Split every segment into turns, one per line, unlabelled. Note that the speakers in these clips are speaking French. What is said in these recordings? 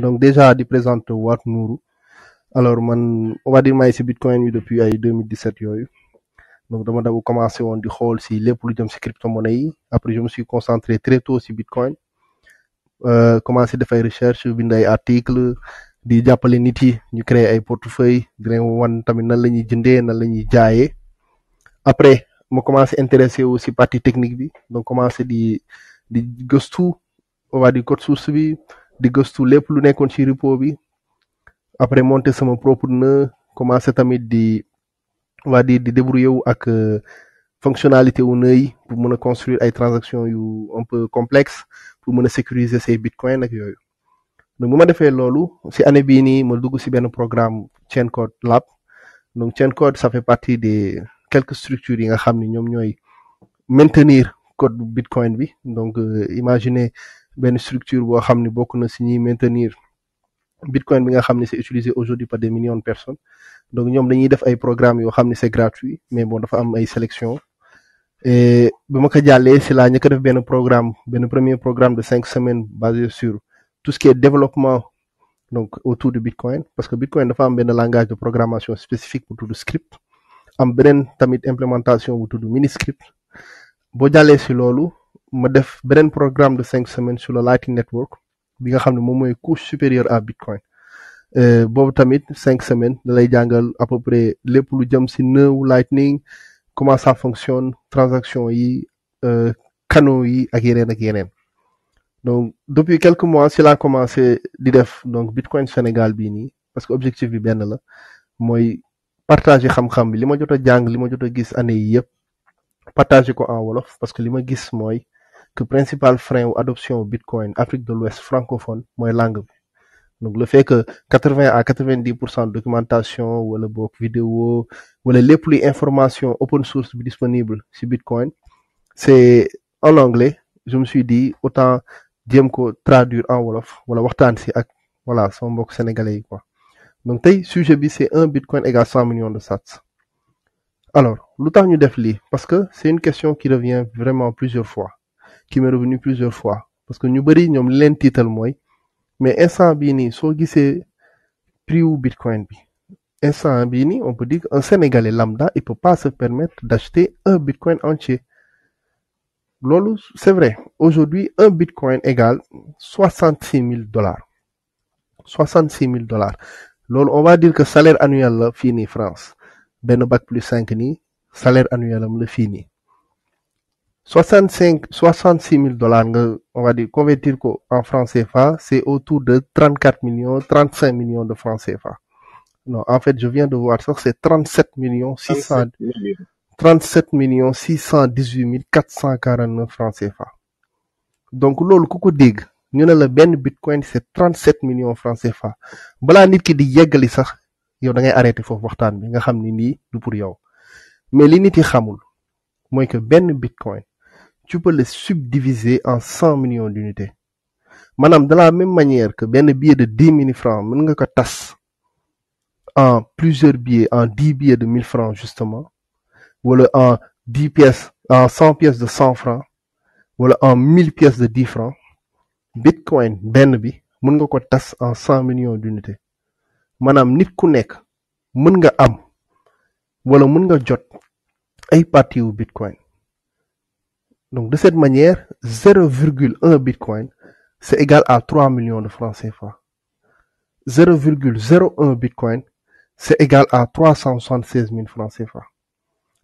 donc déjà je présente waat Nuru. alors man on va dire je suis bitcoin depuis 2017 donc dama dabu commencé à di xol si les lu jëm crypto monnaies après je me suis concentré très tôt sur bitcoin euh, commencé à faire recherche bind ay article di jappalé nit yi ñu créer ay portefeuille di leen wan tamit nan la jëndé nan la après ma commencé intéressé m'intéresser aussi partie technique bi donc commencé di di gëstu on va dire code source bi di gëstu lépp lu nekkoon ci repo bi après monter sama propre nœud commencer tamit di on va di débrouiller avec ak euh, fonctionnalité wu nœud pour mën construire ay transactions yu un peu complexe pour mën sécuriser ses bitcoins ak yooyu donc bu ma defee loolu si année bii nii ma dugg si benn programme Chaincode Lab donc Chaincode ça fait partie des quelques structures yi nga xam ne ñoom maintenir code bitcoin bi donc euh, imaginez benn structure boo xam ni bokk na si maintenir bitcoin bi nga xam ne c'est utilisé aujourd'hui par des millions de personnes donc ñoom dañuy def ay programmes yoo xam ne c'est gratuit mais bon dafa am ay sélection et bi ma ko jàllee si la ñëkk def benn programme benn premier programme de 5 semaines basé sur tout ce qui est développement donc autour de bitcoin parce que bitcoin dafa am benn langage de programmation spécifique bu tudd script am beneen tamit implémentation bu tudd mini script boo jàllee si loolu ma def beneen programme de cinq semaines sur le Lightning Network bi nga xam ne moom mooy couche supérieure à Bitcoin euh, boobu tamit cinq semaines da lay jàngal à peu près lépp lu jëm si nœud Lightning comment ça fonctionne transaction yi euh, canaux yi ak yeneen ak yeneen donc depuis quelques mois si là commencé di def donc Bitcoin Sénégal bii nii parce que objectif bi benn la mooy partager xam-xam bi li ma jot a jàng li ma jot a gis année yi yëpp partager ko en wolof parce que li ma gis mooy que principal frein ou adoption au bitcoin Afrique de l'Ouest francophone moins langue donc le fait que 80 à 90% de documentation documentation wala vidéo les les plus information open source disponibles sur bitcoin c'est en anglais je me suis dit autant dire que traduire en wolof Voilà, waxtaan c'est voilà sénégalais quoi donc sujet bi c'est un bitcoin égale 100 millions de sats alors lu nous ñu parce que c'est une question qui revient vraiment plusieurs fois qui m'est revenu plusieurs fois parce que nous bëri l'intitulé mais instant bii bini qui prix ou bitcoin bi instant on peut dire qu'un sénégalais lambda il peut pas se permettre d'acheter un bitcoin entier Lolo, c'est vrai aujourd'hui un bitcoin égale 66 000 dollars 66 000 dollars Lolo, on va dire que salaire annuel fini France Ben, bac plus 5 ni salaire annuel le fini 65, 66 000 dollars on va dire convertir en francs CFA c'est autour de 34 millions 35 millions de francs CFA non en fait je viens de voir ça c'est 37 millions 600 37 millions 618 449 francs CFA donc loolu ku ko nous ñu le bitcoin c'est 37 millions francs CFA Voilà nit ki di yeggali arrêté pour mais li que Ben bitcoin tu peux les subdiviser en 100 millions d'unités. Madame, de la même manière que bien billet de 10 000 francs, vous le tasse en plusieurs billets, en 10 billets de 1000 francs, justement, ou en 10 pièces, en 100 pièces de 100 francs, ou en 1000 pièces de 10 francs, Bitcoin, ben bi, men en 100 millions d'unités. Madame, nit ku nek nga am wala nga jot ay parti Bitcoin. Donc de cette manière, 0,1 Bitcoin, c'est égal à 3 millions de francs CFA. 0,01 Bitcoin, c'est égal à 376 000 francs CFA.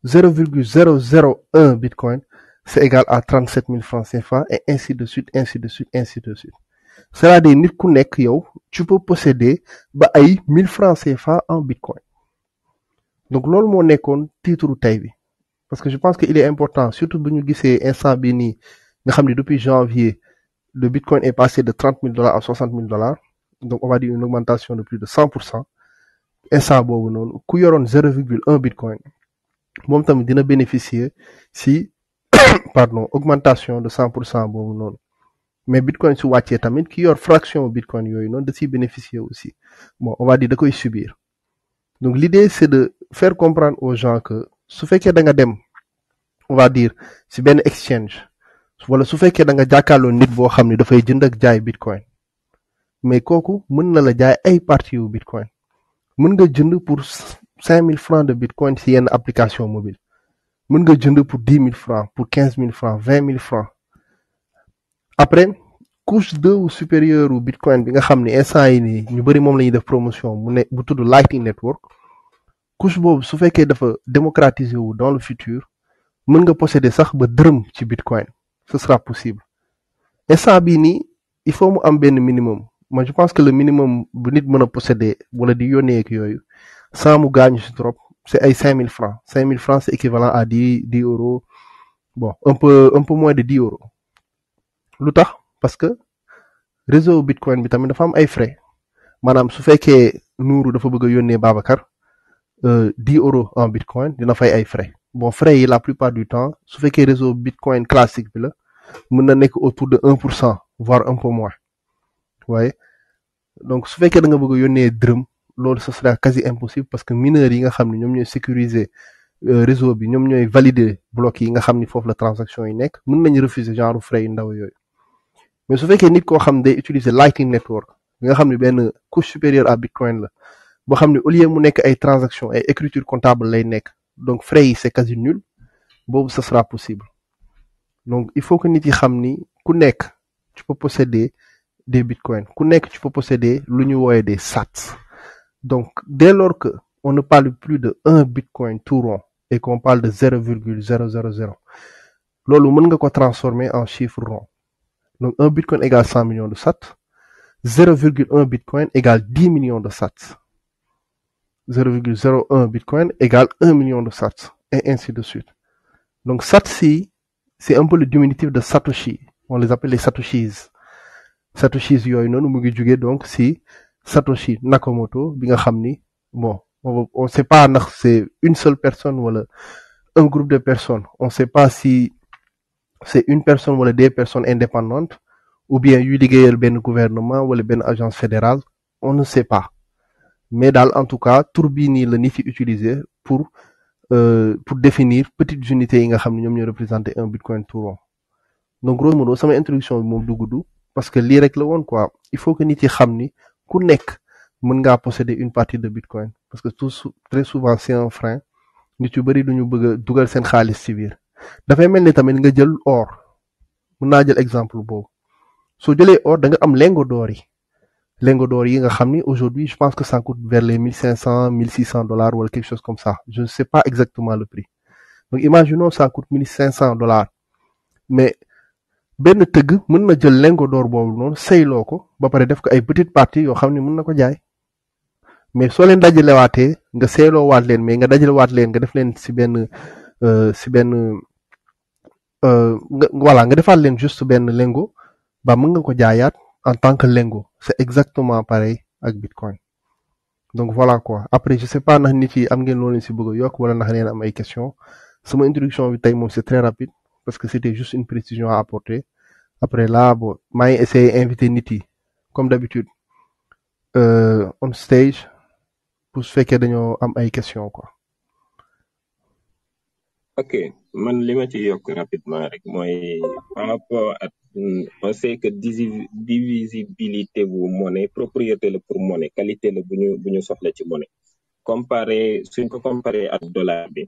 0,001 Bitcoin, c'est égal à 37 000 francs CFA, et ainsi de suite, ainsi de suite, ainsi de suite. Cela dit, tu peux posséder, 1000 francs CFA en Bitcoin. Donc, lol mo titre parce que je pense qu'il est important, surtout pour nous qui c'est un sang béni, nous depuis janvier, le bitcoin est passé de 30 000 dollars à 60 000 dollars. Donc, on va dire une augmentation de plus de 100%. Et ça, bon, a 0,1 bitcoin. Bon, dire il bénéficier si, pardon, augmentation de 100%, bon, Mais bitcoin, si vous y a une fraction de bitcoin, il de s'y bénéficier aussi. Bon, on va dire de quoi il subir. Donc, l'idée, c'est de faire comprendre aux gens que, su fekkee da nga dem on va dire si benn exchange wala su fekkee da nga jàkkaarloo nit boo xam ne dafay jënd ak jaay bitcoin mais kooku mën na la jaay ay parti yu bitcoin mën nga jënd pour cinq mille francs de bitcoin si yenn application mobile mën nga jënd pour dix mille francs pour quinze mille francs vingt mille francs après couche deux ou supérieure bitcoin bi nga xam ne instant yi ni ñu bëri moom la ñuy def promotion mu ne bu tudd Lightning Network couche bob su fekkee dafa démocratiser wu dans le futur mën nga posséder sax ba dërëm ci bitcoin ce sera possible instant bii nii il faut mu am benn minimum Moi, je pense que le minimum bu nit mën a posséder wala di yónnee ak yooyu sans mu gaañu trop c' est ay cinq francs 5000 francs c'est équivalent à dix dix euros bon un peu un peu moins de 10 euros lu parce que réseau bitcoin bi tamit dafa am ay frais maanaam su fekkee nuuru dafa bëgg a yónnee Babacar euh, 10 euros en bitcoin dina fay ay frais bon frais la plupart du temps que les réseau bitcoin classique bi la autour de 1 voire un peu moins Ouais. donc sauf que da nga bëgg a yónnee ce sera quasi impossible parce que mineurs yi nga xam ne euh, réseau bi ñom ñoy valider bloc yi nga xamni fofu la transaction yi nekk mën nañ refuser genre frais ndaw yoy mais su fekkee nit koo xam day utiliser lightning network qui nga xamni couche supérieure à bitcoin transactions écriture comptable donc frais c'est quasi nul Bon, ce sera possible donc il faut que nit yi ku tu peux posséder des bitcoins ku tu peux posséder lu des sats donc dès lors que on ne parle plus de 1 bitcoin tout rond et qu'on parle de 0,000, lolu transformer en chiffre rond donc un bitcoin égale 100 millions de sats 0,1 bitcoin égale 10 millions de sats 0,01 Bitcoin égale 1 million de sats, et ainsi de suite. Donc satsi, c'est un peu le diminutif de Satoshi. On les appelle les Satoshis. Satoshis yooyu nous nous donc si Satoshi Nakamoto bi bon on sait pas c'est une seule personne ou un groupe de personnes on sait pas si c'est une personne ou des personnes indépendantes ou bien lié le gouvernement ou ben agence fédérale on ne sait pas mais daal en tout cas turbine le nifi utilisé utiliser pour euh, pour définir petites unités yi nga xamni ñom ñu représenter un bitcoin touron donc gros modo sama introduction mom du gudd parce que li rek la won quoi il faut que nit yi xam ku nek mën nga posséder une partie de bitcoin parce que tout très souvent c'est un frein nit yu bëri duñu bëgg a dugal seen xaalis ci biir da fay melni tamit nga jël or mën naa jël exemple boobu soo jëlee or da nga am lengo d'or lingots d'or aujourd'hui je pense que ça coûte vers les 1500 1600 dollars ou quelque chose comme ça je ne sais pas exactement le prix donc imaginons ça coûte 1500 dollars mais ben tëgg mën na jël lingot d'or boobu non, seyloo ko ba pare def ko ay petite partie yo, xamni, mën na jaay mais soo leen dajalewaatee nga seyloo waat l'en, mais nga dajalewaat l'en, nga def leen si benn euh, si euh, voilà nga defal l'en juste ben lingot ba mën nga ko d'or en tant que lingo c'est exactement pareil avec bitcoin donc voilà quoi après je sais pas ndax nit amgen am si vous a une wala C'est introduction c'est très rapide parce que c'était juste une précision à apporter après là bon vais essayer d'inviter Niti, comme d'habitude euh, on stage pour se faire dañoo questions, quoi
ok man li ma ci yokk rapidement rek mooy par rapport at on sait que divisibilité bu monnaie propriété la pour monnaie qualité la bu ñu bu ñu soxla ci monnaie comparé suñ ko comparé ak dollar bi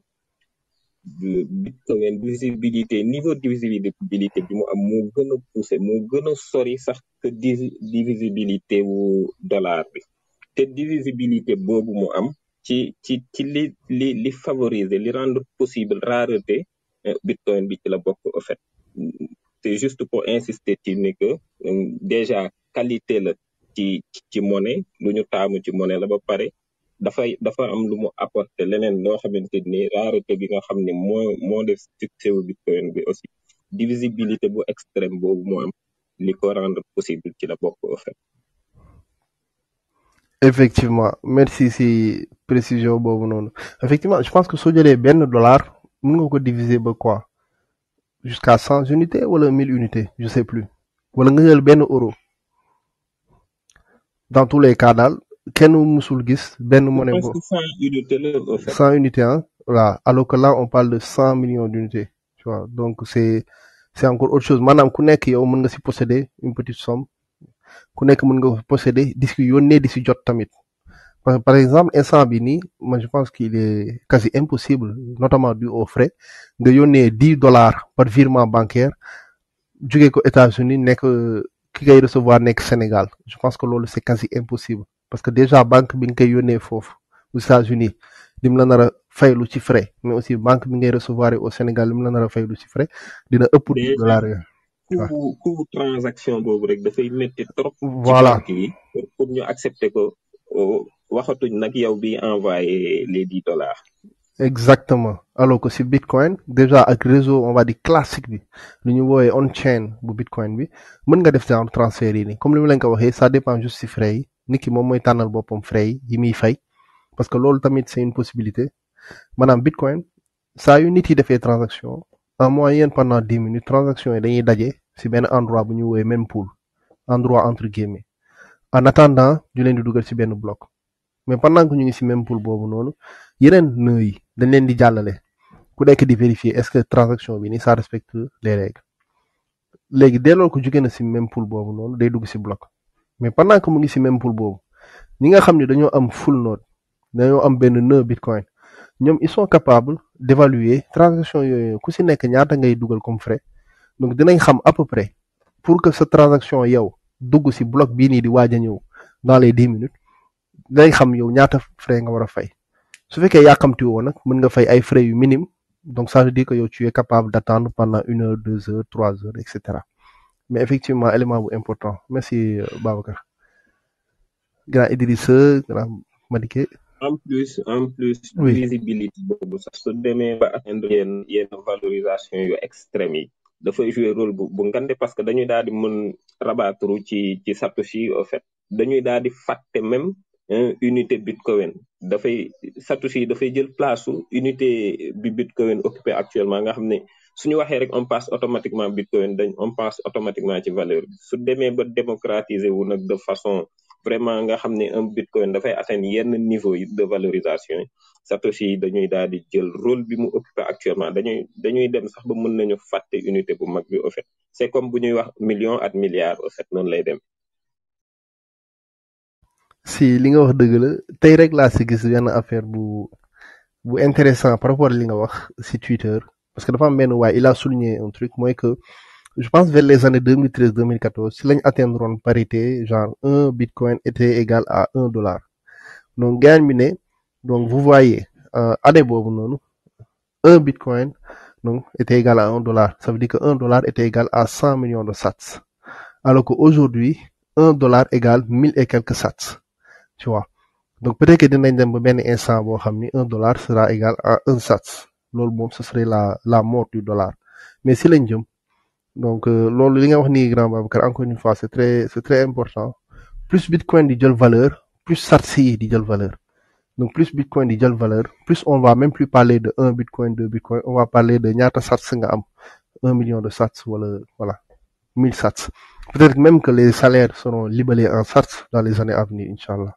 bu- bitcoin divisibilité niveau divisibilité bi mu am moo gën a poussé moo gën a sori sax que divisibilité wu dollar bi te divisibilité boobu mu am ci ci ci li li li favoriser li rendre possible rareté euh, bitcoin bi ci la bokk au fait c'est juste pour insister ci ni que euh, déjà qualité la ci ci monnaie lu ñu taamu ci monnaie la ba pare dafay dafa am lu mu apporter leneen loo xamante ni rareté bi nga xam ne moo moo def succès wu bitcoin bi aussi divisibilité bu extrême boobu moo am li ko rendre possible ci la bokk au fait
effectivement merci si précision boobu noonu effectivement je pense que soo jëlee benn dollar mën nga ko diviser ba quoi jusqu'à 100 unités wala mille unités je sais plus wala nga jël euro dans tous les cas d'al kenn musul gis ben monnaie boobu cent unités hein là alors que là on parle de 100 millions d'unités tu vois donc c'est c'est encore autre chose maanaam ku nekk yow mën nga si posséder une petite somme ku que mën nga posséder disque ci yónnee jot tamit par exemple, un bi Moi, moi je pense qu'il est quasi impossible notamment du aux frais de yonner 10 dollars par virement bancaire que ko États-Unis qui ki y recevoir n'est que Sénégal je pense que là, c'est quasi impossible parce que déjà banque bi que yonner aux États-Unis ils la nar a le ci frais mais aussi banque bi recevoir au Sénégal lim la le chiffre, faylu ci frais dina pour 10 dollars
coût transaction rek trop. voilà pour nous accepter ko waxatuñ nag yow bi envoyé les 10 dollars.
exactement alors que si bitcoin déjà ak réseau on va dire classique bi lu ñu on chain bu bitcoin bi mën nga def genre transfert comme li ma leen ko waxee ça dépend juste si frais yi nit ki moom mooy tànnal boppam frais yi yi fay parce que loolu tamit c'est une possibilité maanaam bitcoin saa yu nit yi defee transaction en moyenne pendant 10 minutes transaction yi dañuy daje si benn endroit bu ñu woowee même pool endroit entre guillemets en attendant ñu leen di dugal si benn bloc mais pendant que ñu ngi ci même pool boobu noonu yeneen nœud yi dañ leen di jàllale ku nekk di vérifier est-ce que transaction bi ni ça respecte les règles léegi dès ko que na si même pool boobu noonu day dugg si bloc mais pendant que mu ngi si même pool boobu ñi nga xam ne dañoo am full node dañoo am benn nœud bitcoin ñoom ils sont capables d'évaluer transaction yooyu ku si nekk ñaata ngay dugal comme frais donc dinañ xam à peu près pour que sa transaction yow dugg si bloc bii nii di waaj a ñëw dans les dix minutes day xam yow ñaata frais nga war a fay su fekkee yàkkamti woo nag mën nga fay ay frais yu minime donc ça veut dire que yow tu es capable d'attendre pendant une heure deux heures trois heures et cetera mais effectivement élément bu important merci euh, Babacar grand Idrissa grand Madické
en plus en plus visibilité boobu sax su demee ba atteindre yenn yenn valorisation yu extrême yi dafay jouer rôle bu bu ngande parce que dañuy daal di mën rabattre ci ci Satoshi au fait dañuy daal di fàtte même Hein, unité bitcoin da fay Satoshi da fay jël place unité bi bitcoin occupé actuellement nga xamné suñu waxé rek on passe automatiquement bitcoin dañ on passe automatiquement ci valeur su démé ba démocratiser wu nak de façon vraiment nga xamné un bitcoin da fay atteindre yenn niveau de valorisation Satoshi dañuy daal di jël rôle bi mu occupé actuellement dañuy dañuy dem sax ba mën nañu fàtte unité bu mag bi au fait c'est comme bu ñuy wax million at milliard au fait non lay dem
si li nga wax dëgg la c'est rek laa si gis affaire bu intéressant par rapport li nga wax Twitter parce que dafa am benn il a souligné un truc moi, que je pense vers les années 2013 2014 si lañ une parité genre un bitcoin était égal à un dollar donc gaañ bi donc vous voyez euh, année boobu noonu un bitcoin donc était égal à un dollar ça veut dire que un dollar était égal à 100 millions de sats alors que un dollar égale 1000 et quelques sats donc peut-être que dans dem instant un dollar sera égal à un sats L'album ce serait la la mort du dollar mais si l'indium. donc euh, grand encore une fois c'est très très important plus bitcoin di jël valeur plus sats dit di valeur donc plus bitcoin di jël valeur plus on va même plus parler de 1 bitcoin 2 bitcoin on va parler de 1 un million de sats wala voilà 1000 sats peut-être même que les salaires seront libellés en sats dans les années à venir inchallah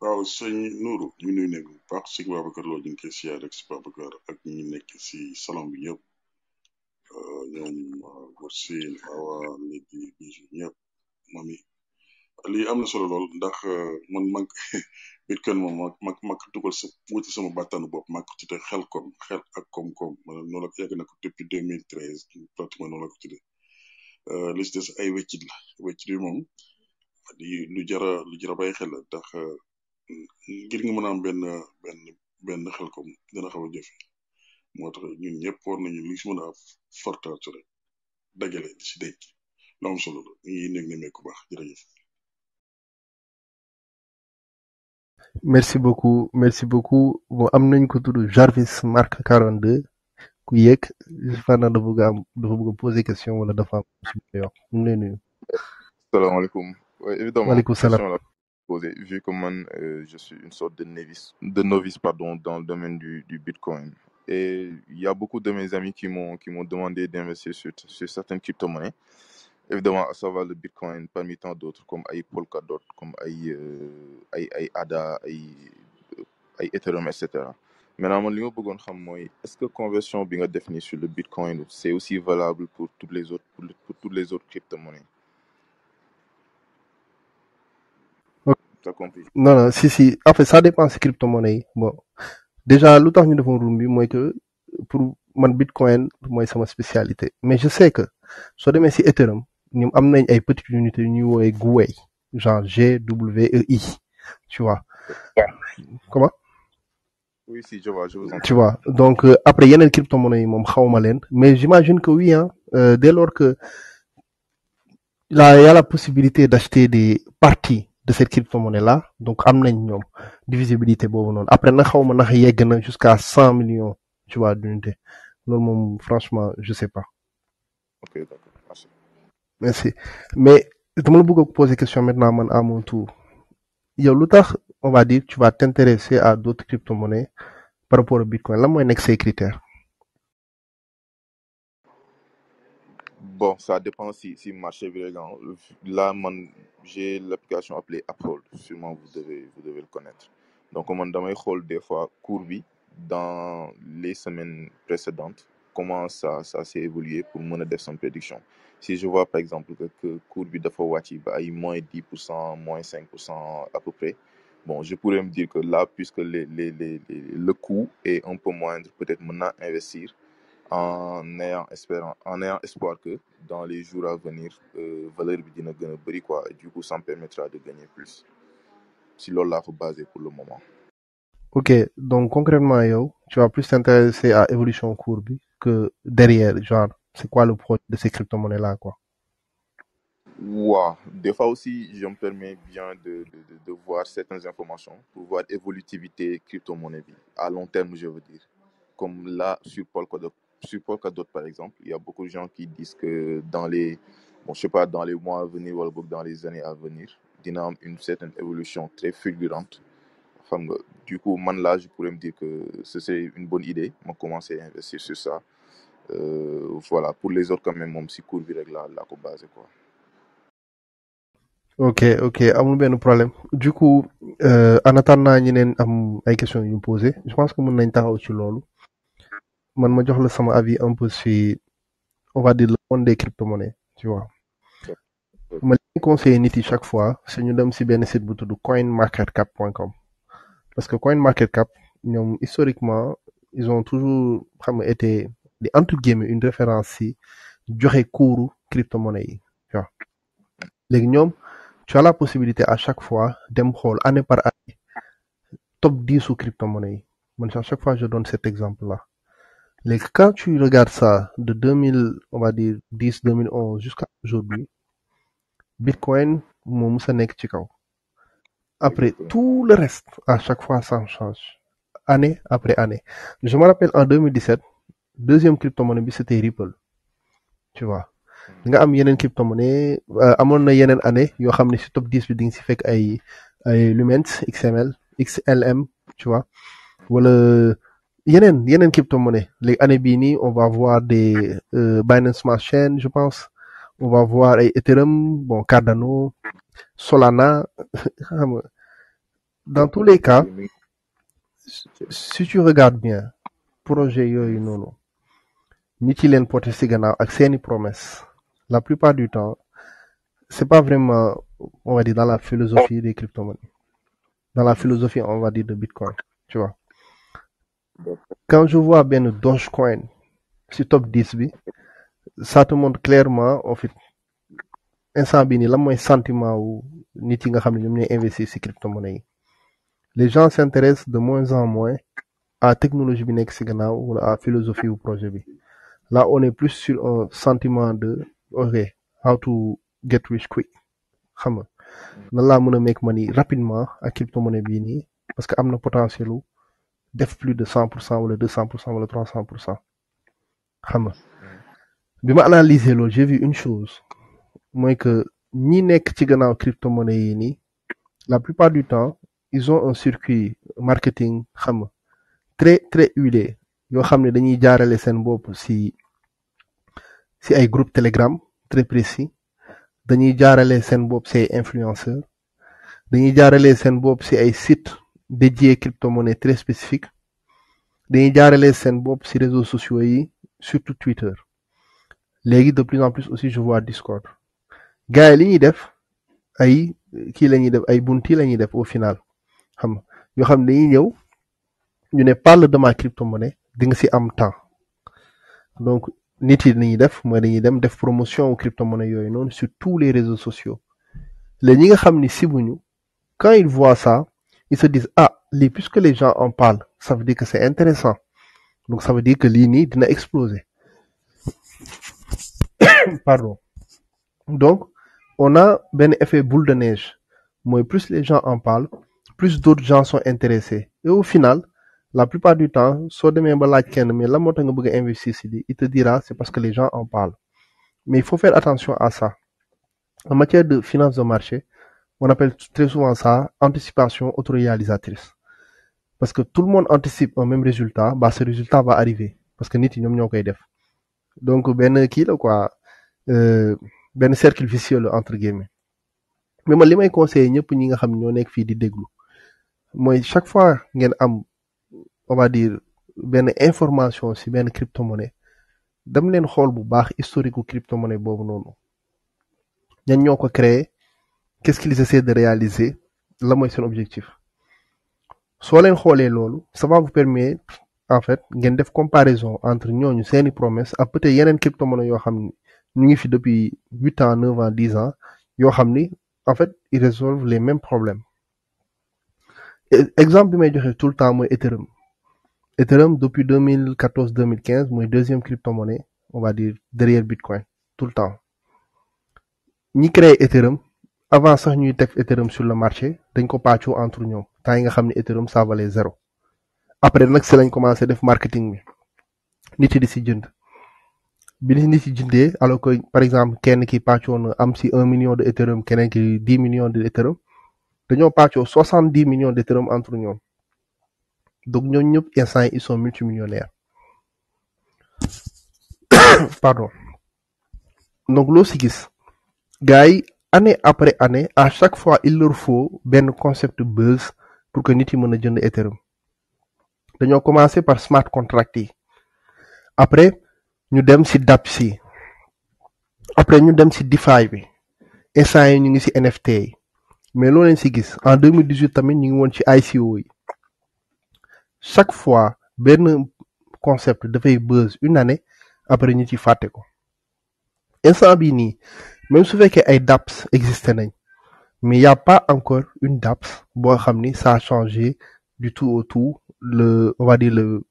waaw sëñ Nourou ñu nuyu nekk bu baax sëñ Babacar Lo ñu koy rek si Babacar ak ñi nekk si salon bi ñëpp euh, ñoom Morsin euh, Awa Lady Bijou ñëpp mami lii am na solo lool ndax euh, man mag bitcoin moom mag mag mag dugal sa wuti sama bàttanu bopp mag ci te xel kom xel ak kom kom man noonu la yàgg na ko depuis 2013 pratiquement noonu la ko tuddee li ay wéccit la wéccit yi moom di lu jara lu jara bay xel tax euh, ngir nga mën am ben ben ben xel kom dina xaw a jafe tax ñun ñepp war nañu li si mën a fortaatu rek dajale di si denc am solo ñi ñu ngi nekk ne meeku baax
merci beaucoup merci beaucoup bon am nañ ko tudd Jarvis Marc 42 ku yéeg fan dafa bëgg am dafa bëgg poser question wala dafa am suñu wax mu ngi nuyu.
salaamaaleykum. Oui, évidemment. vu que euh, je suis une sorte de novice, de novice pardon, dans le domaine du, Bitcoin. Et il y a beaucoup de mes amis qui m'ont demandé d'investir sur, sur certaines crypto-monnaies. Évidemment, à savoir le Bitcoin parmi tant d'autres, comme Polkadot, comme euh, ADA, AI, euh, Ethereum, etc. Maintenant, mon lieu savoir, est-ce que la conversion bien définie sur le Bitcoin, c'est aussi valable pour toutes les autres, pour, pour toutes les autres crypto-monnaies?
non non si si en fait ça dépend c'est crypto-monnaie bon déjà l'autre tax que nous moi que pour mon bitcoin moi c'est ma spécialité mais je sais que soit demain, si Ethereum nous avons une petite petites unités yu ñuy Gwei, genre G W E I tu vois. comment.
oui si je vois je vois. tu vois
donc euh, après il crypto-monnaie une je xawma mais j'imagine que oui hein euh, dès lors que là il y a la possibilité d'acheter des parties de cette crypto-monnaie là donc amenez divisibilité bon non après nous avons ma jusqu'à 100 millions tu vois d'unité non franchement je sais pas.
ok d'accord merci.
merci mais je la bëgg poser poser question maintenant à mon tour y a on va dire tu vas t'intéresser à d'autres crypto-monnaies par rapport au bitcoin n'y a que ces critères.
Bon, ça dépend si, si marché vraiment. Là, j'ai l'application appelée Apple Sûrement, vous devez, vous devez le connaître. Donc, on m'a hold des fois courbi dans les semaines précédentes. Comment ça, ça s'est évolué pour mon son prédiction. Si je vois, par exemple, que, que de Fawati bah, eu moins 10%, moins 5% à peu près, bon, je pourrais me dire que là, puisque les, les, les, le coût est un peu moindre, peut-être maintenant investir en ayant espérant, en ayant espoir que dans les jours à venir euh, valeur bi dina gën du coup ça me permettra de gagner plus si l'on l'a baser basé pour le moment.
ok donc concrètement yo tu vas plus t'intéresser à évolution courbe que derrière genre c'est quoi le projet de ces crypto-monnaies là quoi.
Des fois aussi, je me permets bien de, de, voir certaines informations pour voir évolutivité crypto-monnaie à long terme, je veux dire. Comme là, sur Polkadot, qu'à d'autres par exemple, il y a beaucoup de gens qui disent que dans les, bon, je sais pas, dans les mois à venir ou dans les années à venir, y une certaine évolution très fulgurante. du coup, là, je pourrais me dire que ce serait une bonne idée. On commencer à investir sur ça. Euh, voilà, pour les autres, quand même, on si court avec la, la base, quoi.
ok ok bien problème du coup euh, en attendant une am ay questions vous poser. je pense que une nañ taxaw ci man ma jox la sama avis un peu sur on va dire le monde des crypto-monnaies tu vois ma leen conseiller nit chaque fois c'est ñu dem si ben site bu de coinmarketcap.com parce que coinmarketcap historiquement ils ont toujours xam été en entre guillemets une référence ci joxé crypto-monnaie tu vois tu as la possibilité à chaque fois dem année par année top 10 sous crypto-monnaie à chaque fois je donne cet exemple là les, quand tu regardes ça de 2000, on va dire 10, 2011 jusqu'à aujourd'hui, Bitcoin, moom sa nekk Après tout le reste, à chaque fois ça change, année après année. Je me rappelle en 2017, deuxième crypto-monnaie c'était Ripple. Tu vois. Nga am une crypto-monnaie, y a une année il y a ci top 10 bi di nga ci ay Lumens, XML, XLM, tu vois. Wala Yenen, yenen crypto-monnaie Les années bini, on va voir des euh, Binance Smart je pense on va voir Ethereum bon Cardano Solana ah, dans tous les cas si tu regardes bien projet yooyu nono, ni ci l'en porté si promesse la plupart du temps c'est pas vraiment on va dire dans la philosophie des crypto-monnaies dans la philosophie on va dire de Bitcoin tu vois quand je vois bien Dogecoin sur top 10 ça te montre clairement en fait instant bi là, mon sentiment où nit yi nga xam crypto-monnaie les gens s'intéressent de moins en moins à la technologie bi la ci à philosophie ou projet là on est plus sur un sentiment de ok how to get rich quick comment on nan laa make money rapidement ak crypto-monnaie parce qu'il parce que un un potentiel def plus de 100%, ou le 200%, ou le 300%. wala j'ai vu une chose mooy que ñi nekk ci gannaaw crypto monnaie la plupart du temps ils ont un circuit marketing xam très très huilé yoo xam ne dañuy jaarale seen bopp si si ay groupe Telegram très précis dañuy jaarale seen bopp si ay influenceurs dañuy jaarale seen bopp si ay sites dédié crypto-monnaie très spécifique les sur les réseaux sociaux surtout Twitter Légui de plus en plus aussi je vois Discord gars li def ay au final xam xam ñu de ma crypto-monnaie di nga temps donc nit yi def promotion crypto-monnaie sur tous les réseaux sociaux ñi nga xam ni quand ils voient ça ils se disent ah plus puisque les gens en parlent ça veut dire que c'est intéressant donc ça veut dire que l'ini explosé. explosé. pardon donc on a un effet boule de neige Moi plus les gens en parlent plus d'autres gens sont intéressés et au final la plupart du temps soit de mais la il te dira c'est parce que les gens en parlent mais il faut faire attention à ça en matière de finances de marché on appelle très souvent ça anticipation autoréalisatrice parce que tout le monde anticipe un même résultat bah ce résultat va arriver parce que nous, nous ñoom ñoo koy donc bien kii la quoi ben, cercle vicieux entre guillemets mais man li may conseiller ñëpp ñi nga xam ñoo nekk di déglu chaque fois qu'il am on va dire ben, information sur benn crypto dam a xool bu historique de monnaie crypto non, ñan avons créé qu'est-ce qu'ils essaient de réaliser la c'est un objectif Soit les ça va vous permettre en fait une def comparaison entre nous une promesse et peut-être qu'il crypto-monnaie une crypto-monnaie depuis 8 ans 9 ans 10 ans Yohamni. en fait ils résolvent les mêmes problèmes exemple bi may tout le temps Ethereum Ethereum depuis 2014 2015 mon deuxième crypto-monnaie on va dire derrière Bitcoin tout le temps je crée Ethereum avant sax ñuy teg Ethereum sur le marché dañ ko pàccoo entre ñoom temps yi nga xam ne Ethereum ça valait zéro après nag si lañ commencé def marketing bi nit yi di si jënd bi nit yi jëndee alors que par exemple kenn ki pàccoo na am si un million de Ethereum keneen ki dix millions de Ethereum dañoo pàccoo soixante dix millions d' Ethereum entre ñoom donc ñooñu ñëpp instant yi ils sont multimillionnaires pardon donc loo si gis gars année après année à chaque fois il leur faut un concept buzz pour que nit yi mën jënd Ethereum dañu commencé par smart contract après ñu dem ci DApps après ñu dem ci DeFi bi ça yi ñu ngi ci NFT mais loo leen gis en 2018 tamit ñu ngi woon ICO chaque fois un concept dafay buzz une année après ñu ci fàtte ko instant bi nii même vous fekkee ay DAPS dApps mais mais n'y a pas encore une DAPS bon, ça a changé du tout au tout le on va dire le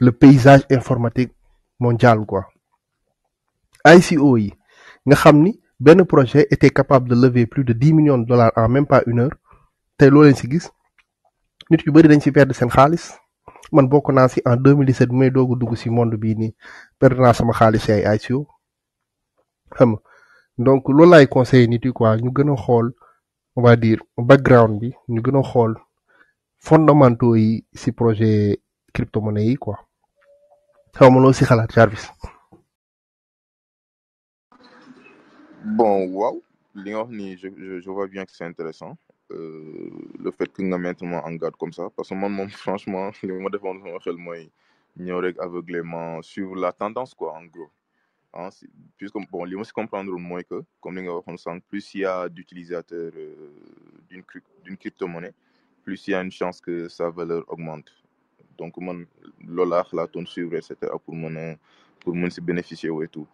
le paysage informatique mondial quoi. ICO yi nga xam ben le projet était capable de lever plus de 10 millions de dollars en même pas une heure te loo leen si gis nit yu bëri dañ si perdre man bokk naa si en 2017 bu may doog a dugg si monde bii nii perdre naa sama xaalis ay ICO xam donc loolu laay conseillé nit yi quoi ñu gën a xool on va dire background bi ñu gën a xool fondamentaux yi si projet crypto-monnaie yi quoi xaw ma loo si xalaat Jarvis.
Bon, wow, Lyon, je, je, je vois bien que c'est intéressant. Euh, le fait que nous mettons en garde comme ça. Parce que moi, moi franchement, les mots de xel moi, ñëw rek aveuglément suivre la tendance, quoi, en gros. Hein, plus bon, les mots c'est comprendre moins que comme on le sent plus il y a d'utilisateurs euh, d'une d'une crypto-monnaie plus il y a une chance que sa valeur augmente donc mon la la tonne suivre etc pour mon pour mën si bénéficier ou et tout